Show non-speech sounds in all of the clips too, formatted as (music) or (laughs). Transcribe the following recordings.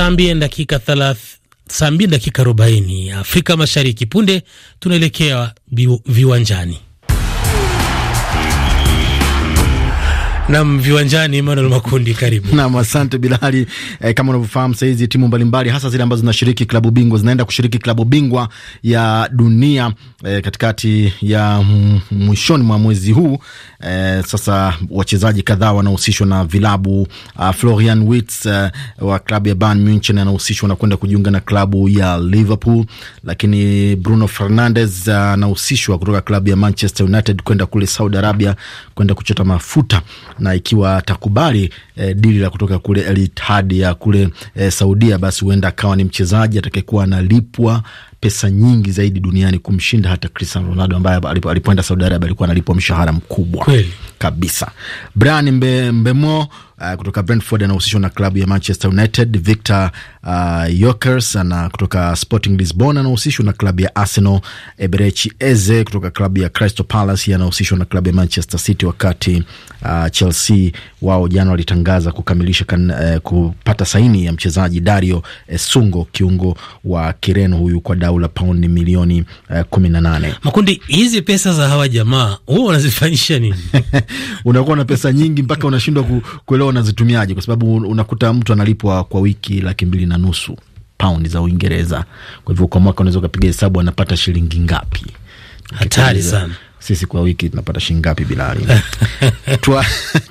saa mbili dakika dakika arobaini Afrika Mashariki. Punde tunaelekea viwanjani. Nam viwanjani, Emmanuel Makundi, karibu. Nam, asante Bilali. Eh, kama unavyofahamu sahizi timu mbalimbali hasa zile ambazo zinashiriki klabu bingwa zinaenda kushiriki klabu bingwa ya dunia eh, katikati ya mwishoni mwa mwezi huu eh, sasa wachezaji kadhaa wanahusishwa na vilabu uh, Florian Wirtz uh, wa klabu ya Bayern Munich anahusishwa na kwenda kujiunga na klabu ya Liverpool, lakini Bruno Fernandes eh, anahusishwa uh, kutoka klabu ya Manchester United kwenda kule Saudi Arabia kwenda kuchota mafuta, na ikiwa atakubali eh, dili la kutoka kule Al Ittihad ya kule eh, Saudia, basi huenda akawa ni mchezaji atakayekuwa analipwa pesa nyingi zaidi duniani kumshinda hata Cristiano Ronaldo ambaye alipoenda Saudi Arabia alikuwa analipwa mshahara mkubwa kweli kabisa. Brian Mbemo uh, kutoka Brentford anahusishwa na klabu ya Manchester United. Victor uh, Yokers ana kutoka Sporting Lisbon anahusishwa na klabu ya Arsenal. Eberechi Eze kutoka klabu ya Crystal Palace anahusishwa na klabu ya Manchester City, wakati uh, Chelsea wao jana walitangaza kukamilisha kan, uh, kupata saini ya mchezaji Dario Sungo, kiungo wa Kireno huyu kwa dau la paundi milioni uh, kumi na nane. Makundi, hizi pesa za hawa jamaa huwa wanazifanyisha nini? (laughs) unakuwa na pesa nyingi mpaka unashindwa ku, kuelewa unazitumiaje? Kwa sababu unakuta mtu analipwa kwa wiki laki mbili na nusu paundi za Uingereza. Kwa hivyo kwa mwaka unaweza ukapiga hesabu anapata shilingi ngapi? Hatari sana sisi kwa wiki tunapata shingapi Bilali? (laughs)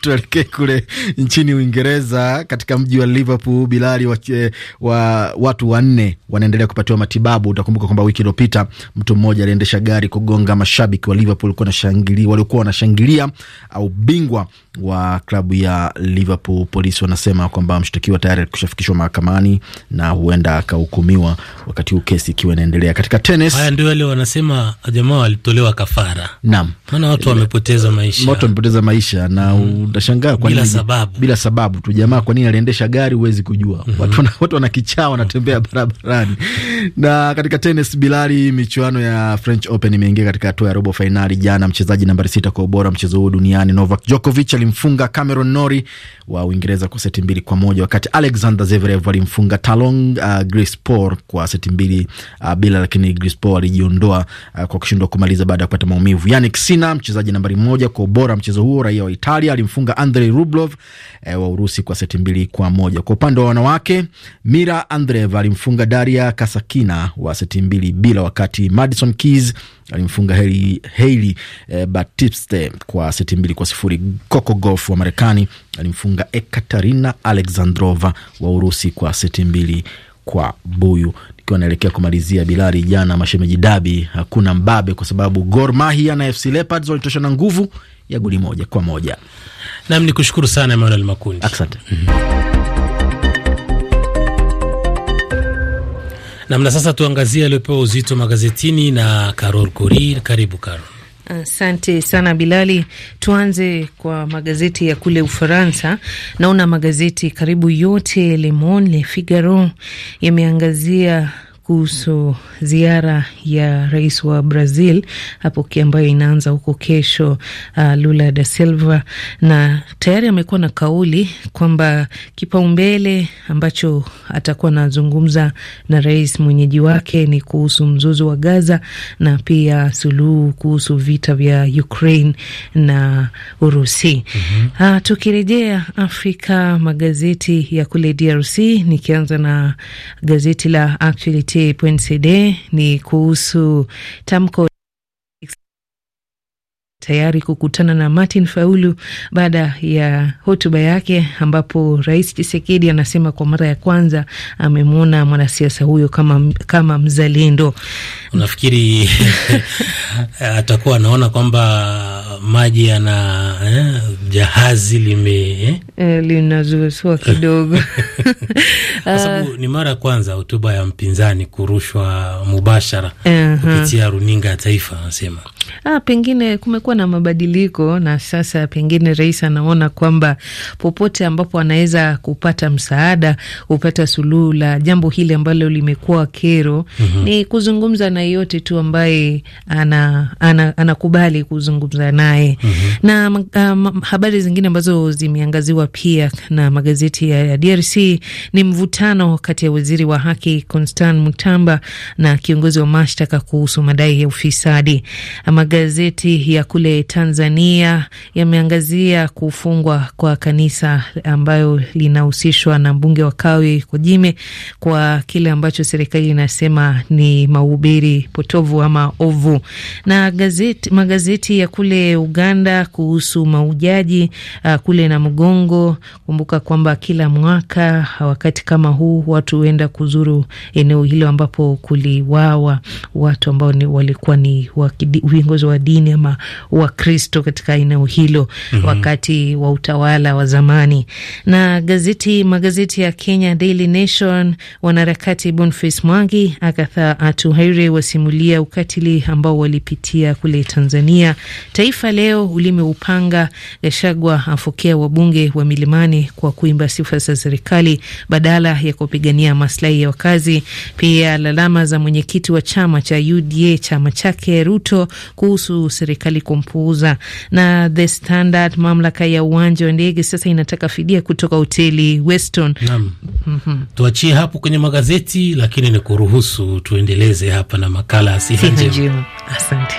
Tuelekee kule nchini Uingereza, katika mji wa Liverpool Bilali wa, eh, wa, watu wanne wanaendelea kupatiwa matibabu. Utakumbuka kwamba wiki iliyopita mtu mmoja aliendesha gari kugonga mashabiki wa Liverpool waliokuwa wanashangilia au bingwa wa klabu ya Liverpool. Polisi wanasema kwamba mshtakiwa tayari kushafikishwa mahakamani na huenda akahukumiwa, wakati huu kesi ikiwa inaendelea. Katika tenis, haya ndio yale wanasema jamaa walitolewa kafara Naam, wamepoteza eh, maisha, watu wamepoteza maisha na mm. utashangaa kwa nini sababu, bila sababu tu jamaa, kwa nini aliendesha gari huwezi kujua. mm -hmm. Watu wana, wanakichaa wanatembea mm-hmm. barabarani na katika tenis, bilari, michuano ya French Open imeingia katika hatua ya robo fainali jana. Mchezaji nambari sita kwa ubora mchezo huu duniani Novak Djokovic alimfunga Cameron Norrie wa Uingereza kwa seti mbili kwa moja wakati Alexander Zverev alimfunga Talong uh, Grispor kwa seti mbili uh, bila, lakini Grispor alijiondoa uh, kwa kushindwa kumaliza baada ya kupata maumivu Yannick Sinner, mchezaji nambari moja kwa ubora mchezo huo, raia wa Italia, alimfunga Andrei Rublev e, wa Urusi kwa seti mbili kwa moja. Kwa upande wa wanawake, Mira andrev alimfunga Daria Kasakina wa seti mbili bila, wakati Madison Keys alimfunga Hailey, e, eh, Batiste kwa seti mbili kwa sifuri. Coco Gauff wa Marekani alimfunga Ekaterina Alexandrova wa Urusi kwa seti mbili kwa buyu tukiwa naelekea kumalizia Bilali, jana mashemeji dabi hakuna mbabe, kwa sababu Gor Mahia na FC Leopards walitoshana nguvu ya goli moja kwa moja. Nam ni kushukuru sana Emmanuel Makundi, asante. Mhm. Namna sasa tuangazie aliopewa uzito magazetini na Karol Kori. Karibu Karol. Asante sana Bilali. Tuanze kwa magazeti ya kule Ufaransa. Naona magazeti karibu yote, Le Monde, Le Figaro, yameangazia kuhusu ziara ya rais wa Brazil hapo ambayo inaanza huko kesho, uh, Lula da Silva, na tayari amekuwa na kauli kwamba kipaumbele ambacho atakuwa anazungumza na rais mwenyeji wake ni kuhusu mzozo wa Gaza na pia suluhu kuhusu vita vya Ukraine na Urusi. mm -hmm. Uh, tukirejea Afrika, magazeti ya kule DRC nikianza na gazeti la Actuality yake ni kuhusu tamko tayari kukutana na Martin Faulu baada ya hotuba yake, ambapo Rais Tshisekedi anasema kwa mara ya kwanza amemwona mwanasiasa huyo kama, kama mzalendo. Unafikiri (laughs) atakuwa anaona kwamba maji yana eh, jahazi lime eh? E, eh, linazusua (laughs) kidogo kwa sababu ni mara ya kwanza hotuba ya mpinzani kurushwa mubashara uh -huh. runinga ya taifa anasema Ah, pengine kumekuwa na mabadiliko na sasa pengine rais anaona kwamba popote ambapo anaweza kupata msaada upata suluhu la jambo hili ambalo limekuwa kero. mm -hmm. Ni kuzungumza na yote tu ambaye anakubali ana, kuzungumza naye. mm -hmm. Na um, habari zingine ambazo zimeangaziwa pia na magazeti ya DRC ni mvutano kati ya waziri wa haki Constant Mutamba na kiongozi wa mashtaka kuhusu madai ya ufisadi ama magazeti ya kule Tanzania yameangazia kufungwa kwa kanisa ambayo linahusishwa na mbunge wa Kawe Kojime kwa kile ambacho serikali inasema ni mahubiri potovu ama ovu, na gazeti, magazeti ya kule Uganda kuhusu maujaji uh, kule na mgongo. Kumbuka kwamba kila mwaka uh, wakati kama huu watu huenda kuzuru eneo hilo ambapo kuliwawa watu ambao ni walikuwa ni wakidi, viongozi wa dini ama Wakristo katika eneo hilo mm -hmm. wakati wa utawala wa zamani. Na gazeti magazeti ya Kenya, Daily Nation, wanaharakati Boniface Mwangi, Agatha Atuhaire wasimulia ukatili ambao walipitia kule Tanzania. Taifa Leo, ulimi upanga, Gashagwa afokea wabunge wa milimani kwa kuimba sifa za serikali badala ya kupigania maslahi ya wakazi. Pia lalama za mwenyekiti wa chama cha UDA chama chake Ruto kuhusu serikali kumpuuza. Na The Standard, mamlaka ya uwanja wa ndege sasa inataka fidia kutoka hoteli Weston. Naam. Mm -hmm. Tuachie hapo kwenye magazeti, lakini ni kuruhusu tuendeleze hapa na makala ya siha njema. Asante.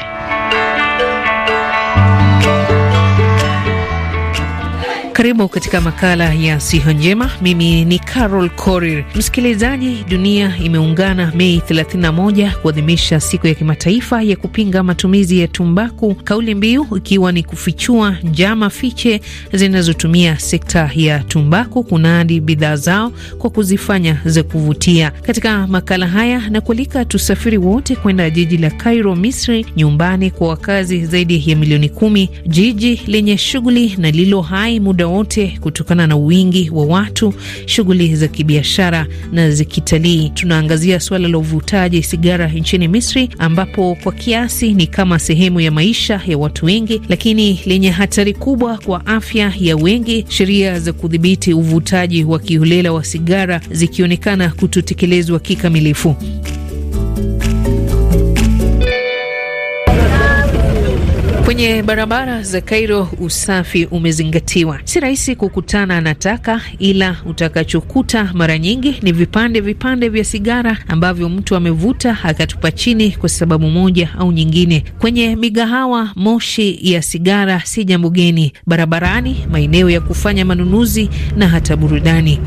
Karibu katika makala ya siha njema. Mimi ni Carol Korir. Msikilizaji, dunia imeungana Mei 31 kuadhimisha siku ya kimataifa ya kupinga matumizi ya tumbaku, kauli mbiu ikiwa ni kufichua njama fiche zinazotumia sekta ya tumbaku kunadi bidhaa zao kwa kuzifanya za kuvutia. Katika makala haya na kualika tusafiri wote kwenda jiji la Cairo, Misri, nyumbani kwa wakazi zaidi ya milioni kumi, jiji lenye shughuli na lilo hai muda wote kutokana na wingi wa watu, shughuli za kibiashara na za kitalii. Tunaangazia suala la uvutaji sigara nchini Misri, ambapo kwa kiasi ni kama sehemu ya maisha ya watu wengi, lakini lenye hatari kubwa kwa afya ya wengi, sheria za kudhibiti uvutaji wa kiholela wa sigara zikionekana kutotekelezwa kikamilifu. Kwenye barabara za kairo usafi umezingatiwa. Si rahisi kukutana na taka, ila utakachokuta mara nyingi ni vipande vipande vya sigara ambavyo mtu amevuta akatupa chini kwa sababu moja au nyingine. Kwenye migahawa, moshi ya sigara si jambo geni, barabarani, maeneo ya kufanya manunuzi na hata burudani.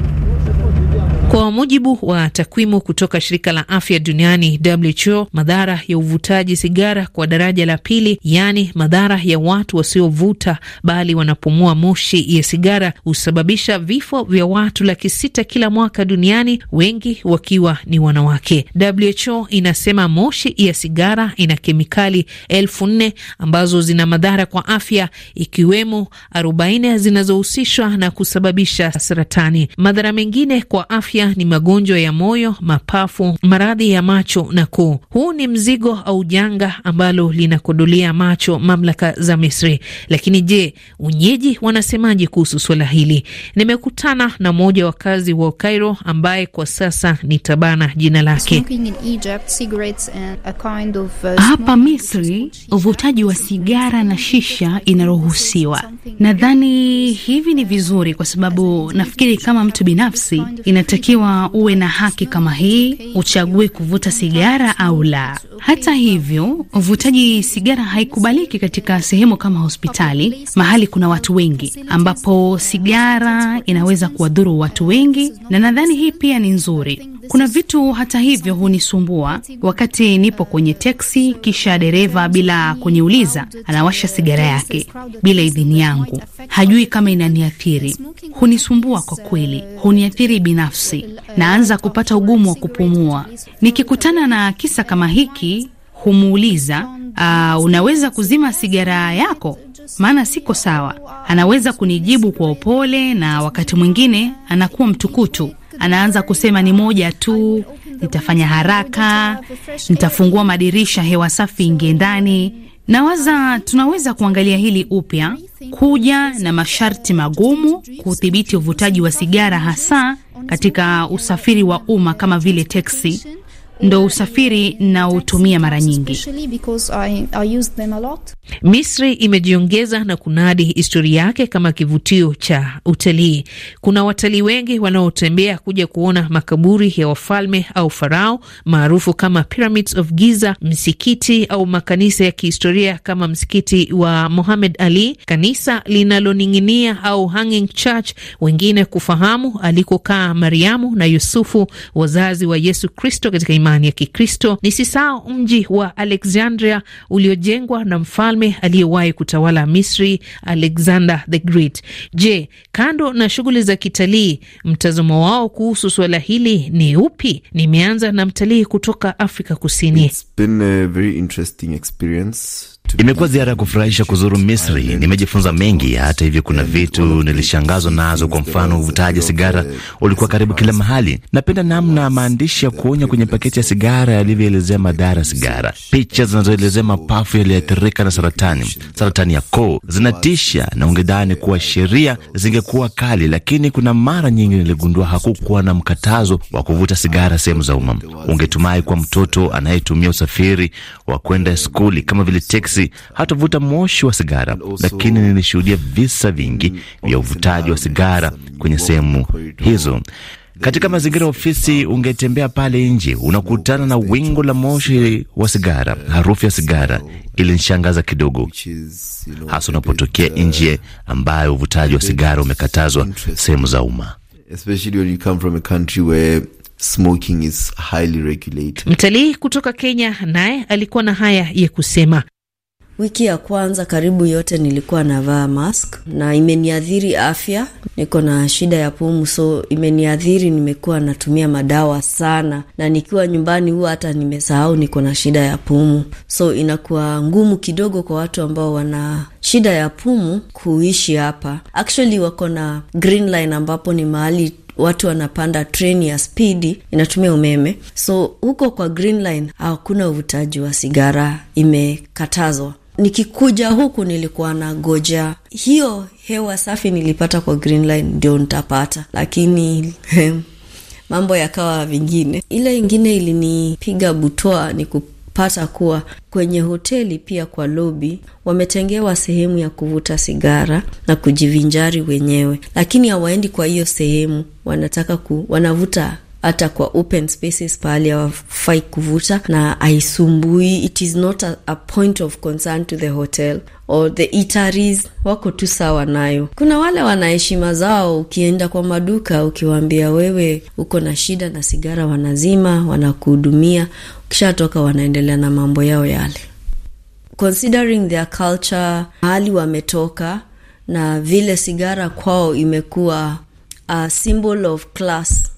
Kwa mujibu wa takwimu kutoka shirika la afya duniani WHO, madhara ya uvutaji sigara kwa daraja la pili, yaani madhara ya watu wasiovuta bali wanapumua moshi ya sigara, husababisha vifo vya watu laki sita kila mwaka duniani, wengi wakiwa ni wanawake. WHO inasema moshi ya sigara ina kemikali elfu nne ambazo zina madhara kwa afya, ikiwemo arobaini zinazohusishwa na kusababisha saratani. Madhara mengine kwa afya pia ni magonjwa ya moyo, mapafu, maradhi ya macho na koo. Huu ni mzigo au janga ambalo linakodolea macho mamlaka za Misri. Lakini je, wenyeji wanasemaje kuhusu suala hili? Nimekutana na mmoja kazi wa Cairo ambaye kwa sasa ni tabana jina lake. Uh, hapa Misri uvutaji wa sigara na shisha inaruhusiwa. Nadhani hivi ni vizuri, kwa sababu nafikiri kama mtu binafsi inatakiwa unatakiwa uwe na haki kama hii, uchague kuvuta sigara au la. Hata hivyo, uvutaji sigara haikubaliki katika sehemu kama hospitali, mahali kuna watu wengi, ambapo sigara inaweza kuwadhuru watu wengi, na nadhani hii pia ni nzuri. Kuna vitu hata hivyo hunisumbua wakati nipo kwenye teksi, kisha dereva bila kuniuliza anawasha sigara yake bila idhini yangu, hajui kama inaniathiri. Hunisumbua kwa kweli, huniathiri binafsi, naanza kupata ugumu wa kupumua. Nikikutana na kisa kama hiki, humuuliza uh, unaweza kuzima sigara yako maana siko sawa. Anaweza kunijibu kwa upole na wakati mwingine anakuwa mtukutu. Anaanza kusema ni moja tu, nitafanya haraka, nitafungua madirisha, hewa safi ingie ndani. Nawaza tunaweza kuangalia hili upya, kuja na masharti magumu kudhibiti uvutaji wa sigara, hasa katika usafiri wa umma kama vile teksi ndo usafiri na utumia mara nyingi. Misri imejiongeza na kunadi historia yake kama kivutio cha utalii. Kuna watalii wengi wanaotembea kuja kuona makaburi ya wafalme au farao maarufu kama Pyramids of Giza, msikiti au makanisa ya kihistoria kama msikiti wa Mohamed Ali, kanisa linaloning'inia au hanging church, wengine kufahamu alikokaa Mariamu na Yusufu, wazazi wa Yesu Kristo katika imani imani ya Kikristo nisisahau mji wa Alexandria uliojengwa na mfalme aliyewahi kutawala Misri, Alexander the Great. Je, kando na shughuli za kitalii, mtazamo wao kuhusu suala hili ni upi? Nimeanza na mtalii kutoka Afrika Kusini. It's been a very interesting experience. Imekuwa ziara ya kufurahisha kuzuru Misri. Nimejifunza mengi. Hata hivyo, kuna vitu nilishangazwa nazo. Kwa mfano, uvutaji sigara ulikuwa karibu kila mahali. Napenda namna maandishi ya kuonya kwenye paketi ya sigara yalivyoelezea madhara sigara, picha zinazoelezea mapafu yaliyoathirika na saratani, saratani ya koo zinatisha, na ungedhani kuwa sheria zingekuwa kali, lakini kuna mara nyingi niligundua hakukuwa na mkatazo wa kuvuta sigara sehemu za umma. Ungetumai kuwa mtoto anayetumia usafiri wa kwenda skuli kama vile teksi taksi, hatavuta moshi wa sigara, lakini nilishuhudia visa vingi mm, vya uvutaji wa sigara kwenye sehemu hizo. Katika mazingira ya ofisi, ungetembea pale nje, unakutana na wingu la moshi wa sigara. Uh, harufu ya sigara ilinishangaza kidogo, hasa unapotokea uh, nje ambayo uvutaji wa sigara umekatazwa sehemu za umma. Mtalii kutoka Kenya naye alikuwa na haya ya kusema. Wiki ya kwanza karibu yote nilikuwa navaa mask na imeniathiri afya. Niko na shida ya pumu, so imeniathiri. Nimekuwa natumia madawa sana, na nikiwa nyumbani huwa hata nimesahau niko na shida ya pumu, so inakuwa ngumu kidogo kwa watu ambao wana shida ya pumu kuishi hapa. Actually wako na Green Line ambapo ni mahali watu wanapanda treni ya spidi inatumia umeme, so huko kwa Green Line hakuna uvutaji wa sigara, imekatazwa nikikuja huku nilikuwa na goja hiyo hewa safi nilipata kwa green line ndio nitapata lakini (laughs) mambo yakawa vingine ile ingine ilinipiga butoa ni kupata kuwa kwenye hoteli pia kwa lobi wametengewa sehemu ya kuvuta sigara na kujivinjari wenyewe lakini hawaendi kwa hiyo sehemu wanataka ku, wanavuta hata kwa open spaces pahali hawafai kuvuta na aisumbui. It is not a, a point of concern to the hotel or the eateries, wako tu sawa nayo. Kuna wale wana heshima zao, ukienda kwa maduka ukiwaambia wewe uko na shida na sigara, wanazima wanakuhudumia, ukishatoka wanaendelea na mambo yao yale, considering their culture, mahali wametoka na vile sigara kwao imekuwa a symbol of class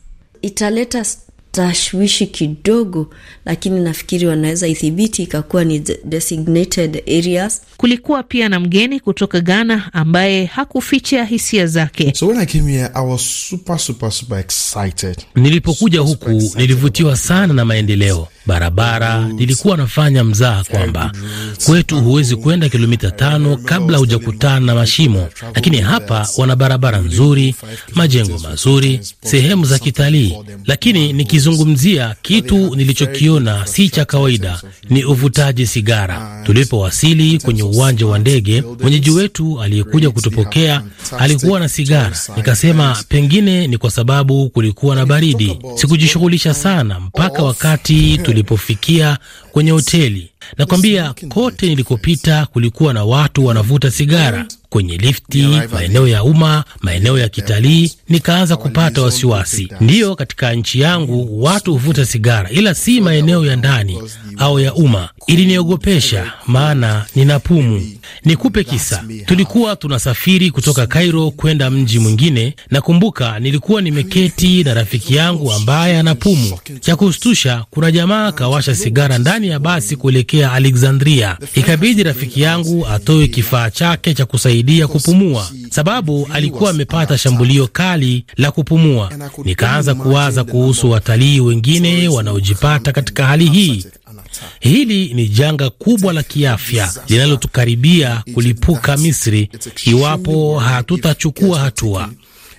italeta tashwishi kidogo, lakini nafikiri wanaweza idhibiti ikakuwa ni designated areas. Kulikuwa pia na mgeni kutoka Ghana ambaye hakuficha hisia zake. So when I came here, I was super, super, super excited. Nilipokuja huku nilivutiwa sana na maendeleo barabara. Nilikuwa nafanya mzaha kwamba kwetu huwezi kwenda kilomita tano kabla hujakutana na mashimo, lakini hapa wana barabara nzuri, majengo mazuri, sehemu za kitalii. Lakini nikizungumzia kitu nilichokiona si cha kawaida, ni uvutaji sigara. Tulipowasili kwenye uwanja wa ndege, mwenyeji wetu aliyekuja kutupokea alikuwa na sigara. Nikasema pengine ni kwa sababu kulikuwa na baridi. Sikujishughulisha sana mpaka wakati tuli tulipofikia kwenye hoteli, nakwambia kote nilikopita kulikuwa na watu wanavuta sigara, kwenye lifti, maeneo ya umma, maeneo ya kitalii, nikaanza kupata wasiwasi. Ndiyo, katika nchi yangu watu huvuta sigara, ila si maeneo ya ndani au ya umma. Iliniogopesha maana nina pumu. Nikupe kisa, tulikuwa tunasafiri kutoka Kairo kwenda mji mwingine. Nakumbuka nilikuwa nimeketi na rafiki yangu ambaye ana pumu. Cha kustusha, kuna jamaa kawasha sigara ndani ya basi kuelekea Alexandria. Ikabidi rafiki yangu atoe kifaa chake cha kusaidia kumsaidia kupumua, sababu alikuwa amepata shambulio kali la kupumua. Nikaanza kuwaza kuhusu watalii wengine wanaojipata katika hali hii. Hili ni janga kubwa la kiafya linalotukaribia kulipuka Misri iwapo hatutachukua hatua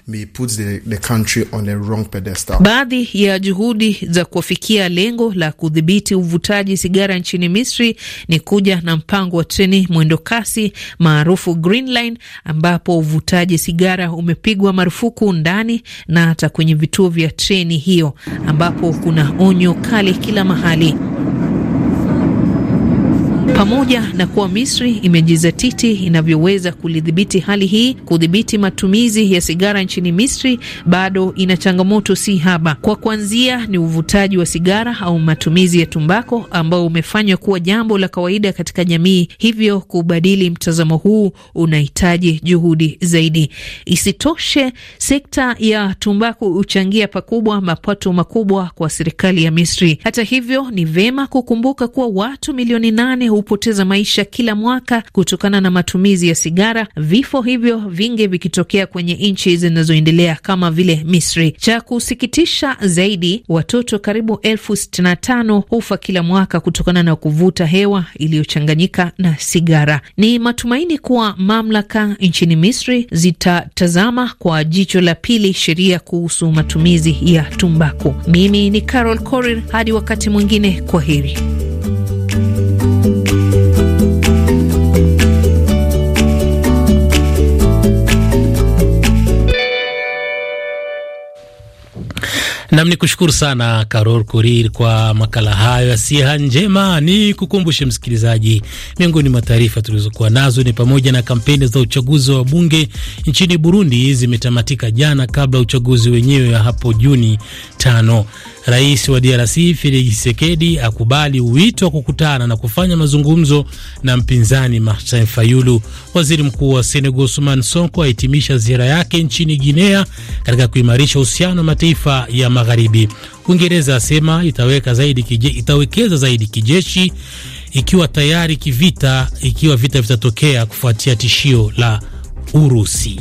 may put the, the country on a wrong pedestal. Baadhi ya juhudi za kuwafikia lengo la kudhibiti uvutaji sigara nchini Misri ni kuja na mpango wa treni mwendo kasi maarufu Green Line, ambapo uvutaji sigara umepigwa marufuku ndani na hata kwenye vituo vya treni hiyo, ambapo kuna onyo kali kila mahali pamoja na kuwa Misri imejizatiti inavyoweza kulidhibiti hali hii. Kudhibiti matumizi ya sigara nchini Misri bado ina changamoto si haba. Kwa kuanzia, ni uvutaji wa sigara au matumizi ya tumbako ambao umefanywa kuwa jambo la kawaida katika jamii, hivyo kubadili mtazamo huu unahitaji juhudi zaidi. Isitoshe, sekta ya tumbaku huchangia pakubwa mapato makubwa kwa serikali ya Misri. Hata hivyo, ni vema kukumbuka kuwa watu milioni nane hupoteza maisha kila mwaka kutokana na matumizi ya sigara, vifo hivyo vingi vikitokea kwenye nchi zinazoendelea kama vile Misri. Cha kusikitisha zaidi, watoto karibu elfu sitini na tano hufa kila mwaka kutokana na kuvuta hewa iliyochanganyika na sigara. Ni matumaini kuwa mamlaka nchini Misri zitatazama kwa jicho la pili sheria kuhusu matumizi ya tumbaku. Mimi ni Carol Korir, hadi wakati mwingine, kwa heri. Nam ni kushukuru sana Karol Korir kwa makala hayo ya siha njema. Ni kukumbushe msikilizaji, miongoni mwa taarifa tulizokuwa nazo ni pamoja na kampeni za uchaguzi wa bunge nchini Burundi zimetamatika jana kabla uchaguzi wenyewe hapo Juni tano. Rais wa DRC Felix Tshisekedi akubali wito wa kukutana na kufanya mazungumzo na mpinzani Martin Fayulu. Waziri mkuu wa Senegal Ousmane Sonko ahitimisha ziara yake nchini Guinea katika kuimarisha uhusiano wa mataifa ya magharibi. Uingereza asema itaweka zaidi kije, itawekeza zaidi kijeshi ikiwa tayari kivita ikiwa vita vitatokea kufuatia tishio la Urusi.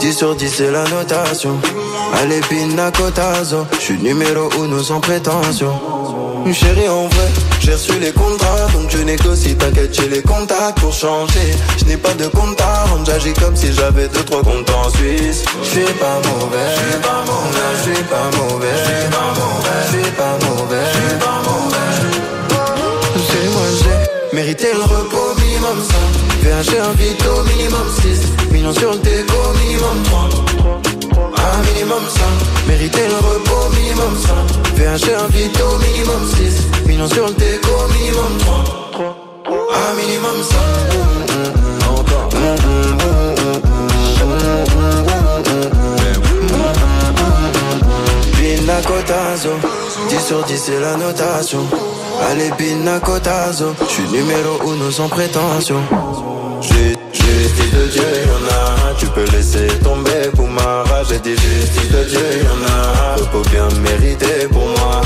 10 sur 10 c'est la notation Allez pina cotazo Je suis numéro nous sans prétention Chérie en vrai j'ai reçu les contrats, donc je négocie, t'inquiète, j'ai les contacts pour changer. Je n'ai pas de compte à rendre, j'agis comme si j'avais deux, trois comptes en Suisse. Je suis pas mauvais, je suis pas mauvais, je suis pas mauvais, je suis pas mauvais, je suis pas mauvais. moi, j'ai mérité le repos minimum VHR vite au minimum 6 Millions sur le déco, minimum 3 Un minimum 5 Mériter le repos, minimum 5 vite au minimum 6 Millions sur le déco, minimum 3 Un minimum 5 10 sur 10 c'est la notation Allez Pina Cotazo J'suis numéro 1 sans prétention Justice de Dieu, y en a un. Tu peux laisser tomber pour ma rage. J'ai dit justice de Dieu, y en a un. Repos bien mérité pour moi.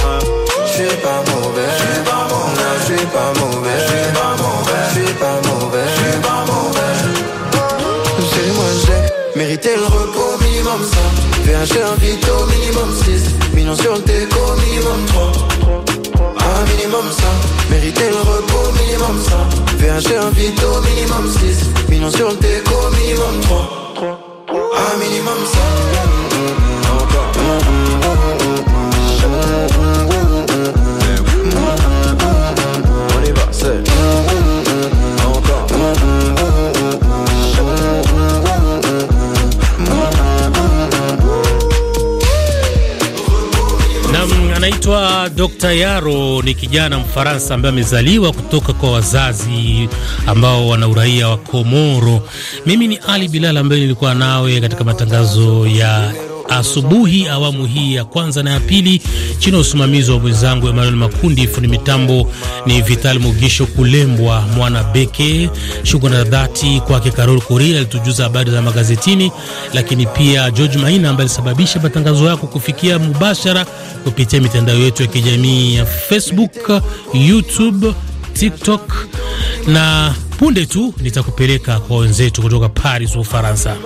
J'suis pas mauvais, j'suis pas mauvais, j'suis pas mauvais, j'suis pas mauvais, j'suis pas mauvais, j'suis pas mauvais. J'ai moi j'ai mérité le repos minimum ça. j'ai un cher vite au minimum 6. Millions sur le déco minimum 3. Un minimum ça. Mérité le repos minimum maximum ça. VHG invite au minimum 6. Millions sur le déco, minimum 3. 3. Un minimum ça. Anaitwa Dr. Yaro, ni kijana Mfaransa ambaye amezaliwa kutoka kwa wazazi ambao wana uraia wa Komoro. Mimi ni Ali Bilal ambaye nilikuwa nawe katika matangazo ya asubuhi awamu hii ya kwanza na ya pili chini ya usimamizi wa mwenzangu Emmanuel Makundi. Fundi mitambo ni Vital Mugisho Kulembwa Mwana Beke. Shukrani za dhati kwake Karol Korir alitujuza habari za magazetini, lakini pia George Maina ambaye alisababisha matangazo yako kufikia mubashara kupitia mitandao yetu ya kijamii ya Facebook, YouTube, TikTok na punde tu nitakupeleka kwa wenzetu kutoka Paris, Ufaransa.